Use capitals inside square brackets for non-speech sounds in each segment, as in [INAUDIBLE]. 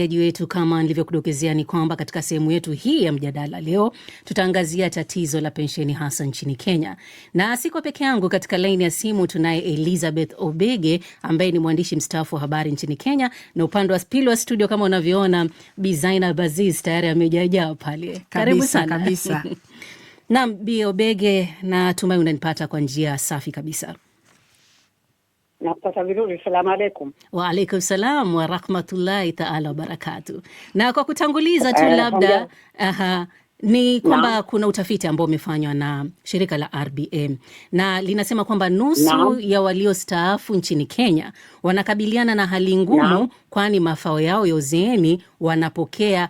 Msikilizaji wetu, kama nilivyokudokezea ni kwamba katika sehemu yetu hii ya mjadala leo tutaangazia tatizo la pensheni hasa nchini Kenya, na siko peke yangu. Katika laini ya simu tunaye Elizabeth Obege ambaye ni mwandishi mstaafu wa habari nchini Kenya, na upande wa pili wa studio kama unavyoona Bi Zainab tayari amejajaa pale. Karibu sana kabisa. [LAUGHS] Naam, Bi Obege, natumai unanipata kwa njia safi kabisa. Nakupata vizuri. Salamu alaikum. Waalaikum salam warahmatullahi taala wabarakatu. Na kwa kutanguliza tu, eh, labda aha, ni kwamba no. kuna utafiti ambao umefanywa na shirika la RBM na linasema kwamba nusu no. ya waliostaafu nchini Kenya wanakabiliana na hali ngumu no. kwani mafao yao ya uzeeni wanapokea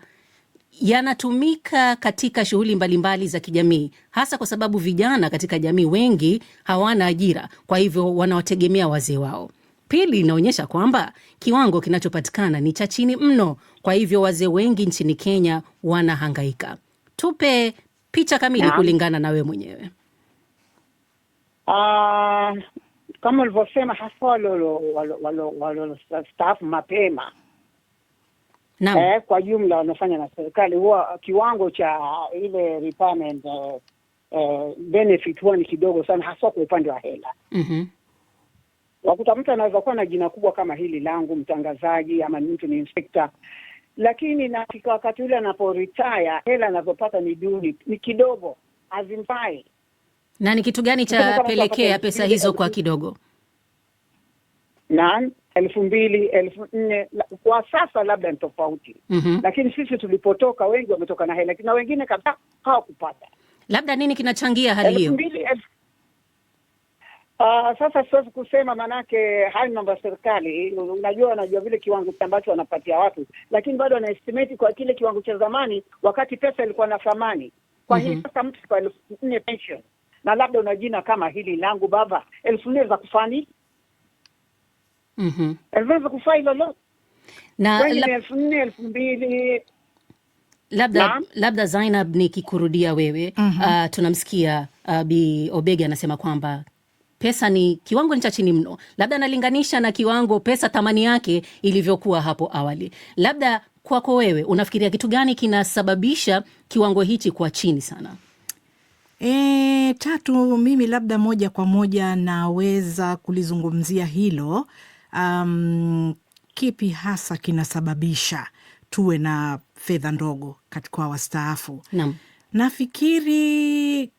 yanatumika katika shughuli mbalimbali za kijamii, hasa kwa sababu vijana katika jamii wengi hawana ajira, kwa hivyo wanawategemea wazee wao. Pili, inaonyesha kwamba kiwango kinachopatikana ni cha chini mno, kwa hivyo wazee wengi nchini Kenya wanahangaika. Tupe picha kamili yeah, kulingana na we mwenyewe. Uh, kama ulivyosema, hasa walolostaafu mapema eh, kwa jumla wanafanya na serikali huwa kiwango cha ile retirement eh, eh, benefit huwa ni kidogo sana, haswa kwa upande wa hela mm Wakuta mtu anaweza kuwa na jina kubwa kama hili langu, mtangazaji ama mtu ni inspector lakini nafika wakati ule anapo retire, hela anazopata ni duni, ni kidogo, hazimfai. Na ni kitu gani chapelekea pesa hizo kwa kidogo? na elfu mbili elfu nne kwa sasa labda ni tofauti mm -hmm. Lakini sisi tulipotoka wengi wametoka na hela na wengine kabisa hawakupata. Labda nini kinachangia hali hiyo? Uh, sasa siwezi kusema maanake hayo mambo ya serikali, unajua wanajua vile kiwango ambacho wanapatia watu, lakini bado wanaestimeti kwa kile kiwango cha zamani, wakati pesa ilikuwa na thamani. Kwa mm -hmm. Sasa mtu kwa elfu nne pension na labda una jina kama hili langu baba, elfu nne za kufani mm mm-hmm. aliweza kufai lolote na elfu nne elfu mbili Labda Naam. labda Zainab, nikikurudia wewe mm -hmm. uh, tunamsikia uh, Bi Obege anasema kwamba pesa ni kiwango ni cha chini mno, labda analinganisha na kiwango pesa thamani yake ilivyokuwa hapo awali. Labda kwako wewe unafikiria kitu gani kinasababisha kiwango hichi kwa chini sana? E, tatu mimi labda moja kwa moja naweza kulizungumzia hilo um, kipi hasa kinasababisha tuwe na fedha ndogo kwa wastaafu? Naam, nafikiri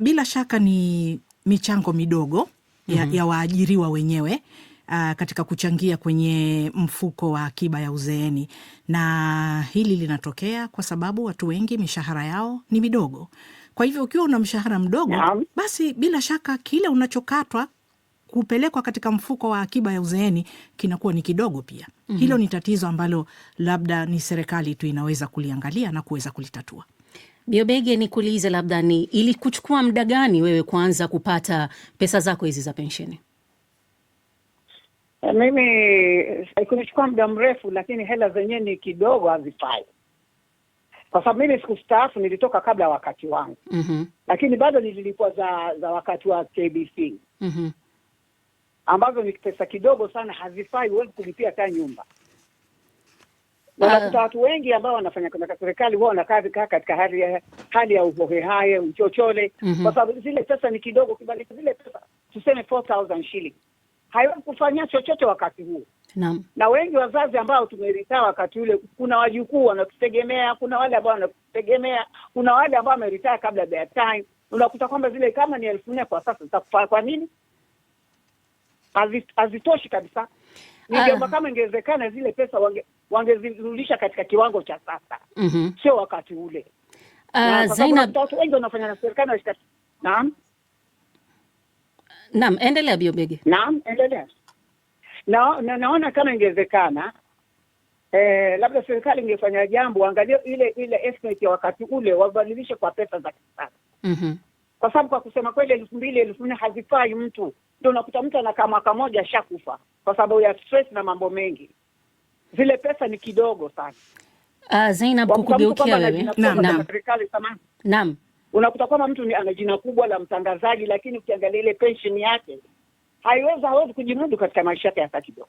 bila shaka ni michango midogo ya, mm -hmm. ya waajiriwa wenyewe Uh, katika kuchangia kwenye mfuko wa akiba ya uzeeni, na hili linatokea kwa sababu watu wengi mishahara yao ni midogo. Kwa hivyo ukiwa una mshahara mdogo, basi bila shaka kile unachokatwa kupelekwa katika mfuko wa akiba ya uzeeni kinakuwa ni kidogo pia. mm -hmm. Hilo ni tatizo ambalo labda ni serikali tu inaweza kuliangalia na kuweza kulitatua. Biobege, ni kuulize labda, ni ili kuchukua mda gani wewe kuanza kupata pesa zako hizi za pensheni? Eh, mimi eh, haikunichukua muda mrefu, lakini hela zenyewe ni kidogo, hazifai kwa sababu mimi sikustaafu, nilitoka kabla ya wakati wangu. mm -hmm. Lakini bado nililipwa za za wakati wa KBC. mm -hmm ambazo ni pesa kidogo sana, hazifai, huwezi kulipia hata nyumba. Wanakuta ah. watu wengi ambao wanafanya katika serikali huwa wanakaa katika hali ya hali ya uhohehaye uchochole, mhm. kwa sababu zile pesa ni kidogo. Ukibadilisha zile pesa tuseme 4000 haiwezi kufanya chochote wakati huo. Naam. Na wengi wazazi ambao tumeritaa wakati ule, kuna wajukuu wanatutegemea, kuna wale ambao wanatutegemea, kuna wale ambao wameritaa kabla ya time. Unakuta kwamba zile kama ni elfu nne kwa sasa zitakufaa kwa nini? hazitoshi kabisa. Ningeomba ah. kama ingewezekana zile pesa wange, wangezirudisha katika kiwango cha sasa, mm -hmm. sio wakati ule. Uh, Zainab, watu wengi wanafanya na serikali. Naam, naam, endelea Biobege. Naam, endelea na, na, naona kama ingewezekana eh, labda serikali ingefanya jambo, angalia ile ile estimate ya wakati ule wabadilishe kwa pesa za kisasa. mm -hmm kwa sababu kwa kusema kweli, elfu mbili elfu nne hazifai mtu. Ndio unakuta mtu anakaa mwaka moja ashakufa kwa sababu ya stress na mambo mengi. Zile pesa ni kidogo sana. Uh, Zainab, kukugeukia wewe, naam, naam, unakuta kwamba mtu ana jina kubwa la mtangazaji, lakini ukiangalia ile pension yake haiwezi hawezi kujimudu katika maisha yake hata kidogo.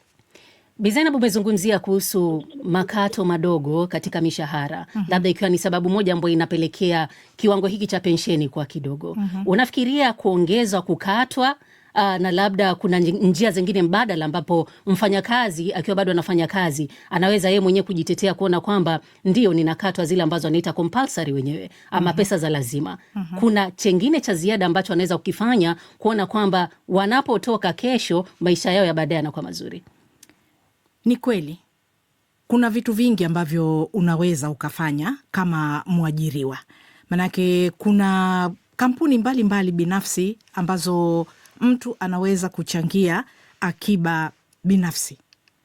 Bizainab, umezungumzia kuhusu makato madogo katika mishahara mm -hmm. labda ikiwa ni sababu moja ambayo inapelekea kiwango hiki cha pensheni kwa kidogo mm -hmm. unafikiria kuongezwa, kukatwa Aa, ah, na labda kuna njia zingine mbadala ambapo mfanyakazi akiwa bado anafanya kazi anaweza yeye mwenyewe kujitetea kuona kwamba ndio ninakatwa zile ambazo anaita compulsory wenyewe ama mm -hmm. pesa za lazima mm -hmm. Kuna chengine cha ziada ambacho anaweza kukifanya kuona kwamba wanapotoka kesho maisha yao ya baadaye yanakuwa mazuri. Ni kweli kuna vitu vingi ambavyo unaweza ukafanya kama mwajiriwa, manake kuna kampuni mbalimbali mbali binafsi ambazo mtu anaweza kuchangia akiba binafsi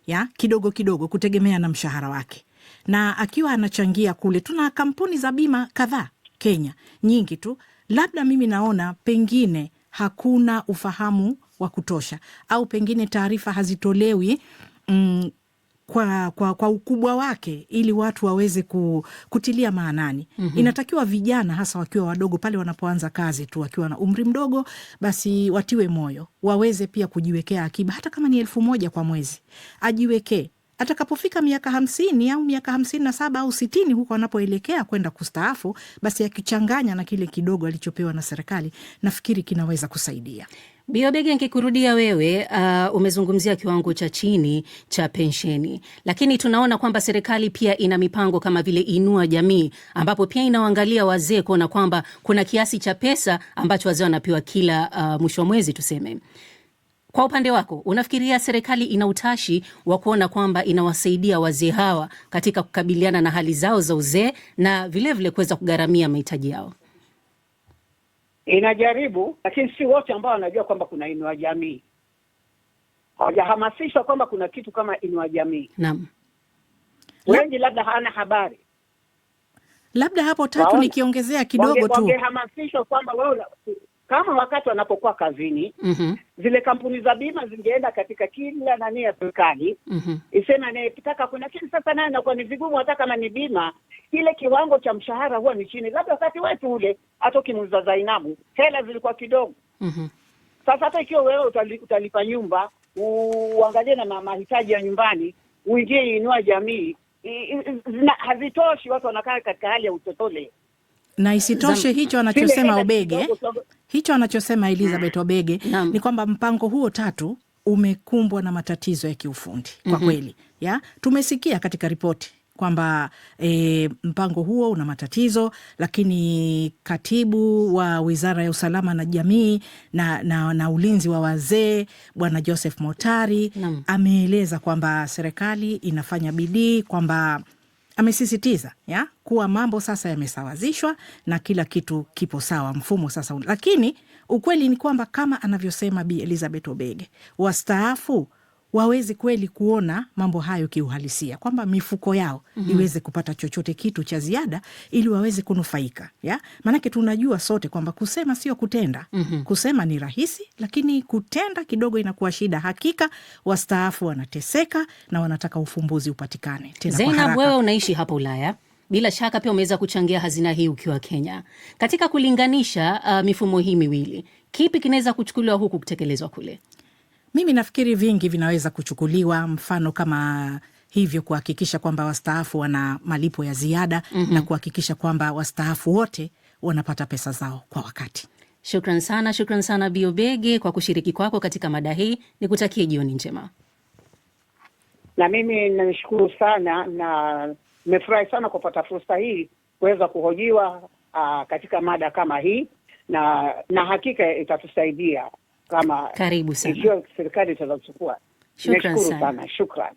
ya kidogo kidogo kutegemea na mshahara wake, na akiwa anachangia kule. Tuna kampuni za bima kadhaa Kenya, nyingi tu. Labda mimi naona pengine hakuna ufahamu wa kutosha, au pengine taarifa hazitolewi mm, kwa, kwa, kwa ukubwa wake ili watu waweze ku, kutilia maanani. mm -hmm. Inatakiwa vijana hasa wakiwa wadogo pale wanapoanza kazi tu wakiwa na umri mdogo, basi watiwe moyo waweze pia kujiwekea akiba hata kama ni elfu moja kwa mwezi ajiwekee atakapofika miaka hamsini au miaka hamsini na saba au sitini huko anapoelekea kwenda kustaafu, basi akichanganya na kile kidogo alichopewa na serikali, nafikiri kinaweza kusaidia. Biobege, nikikurudia wewe, uh, umezungumzia kiwango cha chini cha pensheni, lakini tunaona kwamba serikali pia ina mipango kama vile Inua Jamii, ambapo pia inawangalia wazee kuona kwamba kuna kiasi cha pesa ambacho wazee wanapewa kila uh, mwisho wa mwezi tuseme kwa upande wako unafikiria serikali ina utashi wa kuona kwamba inawasaidia wazee hawa katika kukabiliana na hali zao za uzee na vilevile kuweza kugharamia mahitaji yao? Inajaribu, lakini si wote ambao wanajua kwamba kuna inua jamii, hawajahamasishwa kwamba kuna kitu kama inua jamii. Naam, wengi labda hawana habari. Labda hapo tatu nikiongezea kidogo tu, wangehamasishwa kwamba wewe kama wakati wanapokuwa kazini mm -hmm. Zile kampuni za bima zingeenda katika kila nani ya serikali mm -hmm. Iseme anayetaka kuna, lakini sasa naye inakuwa ni vigumu, hata kama ni bima, kile kiwango cha mshahara huwa ni chini. Labda wakati wetu ule hata ukimuuza Zainabu hela zilikuwa kidogo mm -hmm. Sasa hata ikiwa wewe utalipa nyumba, uangalie na mahitaji ya nyumbani, uingie Inua Jamii, hazitoshi. Watu wanakaa katika hali ya utotole na isitoshe hicho anachosema Obege, hicho anachosema Elizabeth mm. Obege ni kwamba mpango huo tatu umekumbwa na matatizo ya kiufundi kwa mm-hmm. kweli. Ya tumesikia katika ripoti kwamba e, mpango huo una matatizo, lakini katibu wa wizara ya usalama na jamii na, na, na ulinzi wa wazee bwana Joseph Motari ameeleza kwamba serikali inafanya bidii kwamba amesisitiza ya kuwa mambo sasa yamesawazishwa na kila kitu kipo sawa, mfumo sasa. Lakini ukweli ni kwamba kama anavyosema b Elizabeth Obege, wastaafu waweze kweli kuona mambo hayo kiuhalisia, kwamba mifuko yao mm -hmm. iweze kupata chochote kitu cha ziada ili waweze kunufaika ya? Maanake tunajua sote kwamba kusema sio kutenda mm -hmm. kusema ni rahisi, lakini kutenda kidogo inakuwa shida. Hakika wastaafu wanateseka na wanataka ufumbuzi upatikane. Zainab, wewe unaishi hapa Ulaya bila shaka pia umeweza kuchangia hazina hii ukiwa Kenya. Katika kulinganisha uh, mifumo hii miwili, kipi kinaweza kuchukuliwa huku kutekelezwa kule? Mimi nafikiri vingi vinaweza kuchukuliwa, mfano kama hivyo kuhakikisha kwamba wastaafu wana malipo ya ziada mm -hmm. na kuhakikisha kwamba wastaafu wote wanapata pesa zao kwa wakati. Shukran sana, shukran sana Biobege kwa kushiriki kwako katika mada hii, nikutakie jioni njema. Na mimi nashukuru sana na nimefurahi sana kupata fursa hii kuweza kuhojiwa uh, katika mada kama hii na na hakika itatusaidia kama karibu sana, serikali italochukua. Nashukuru sana, shukran.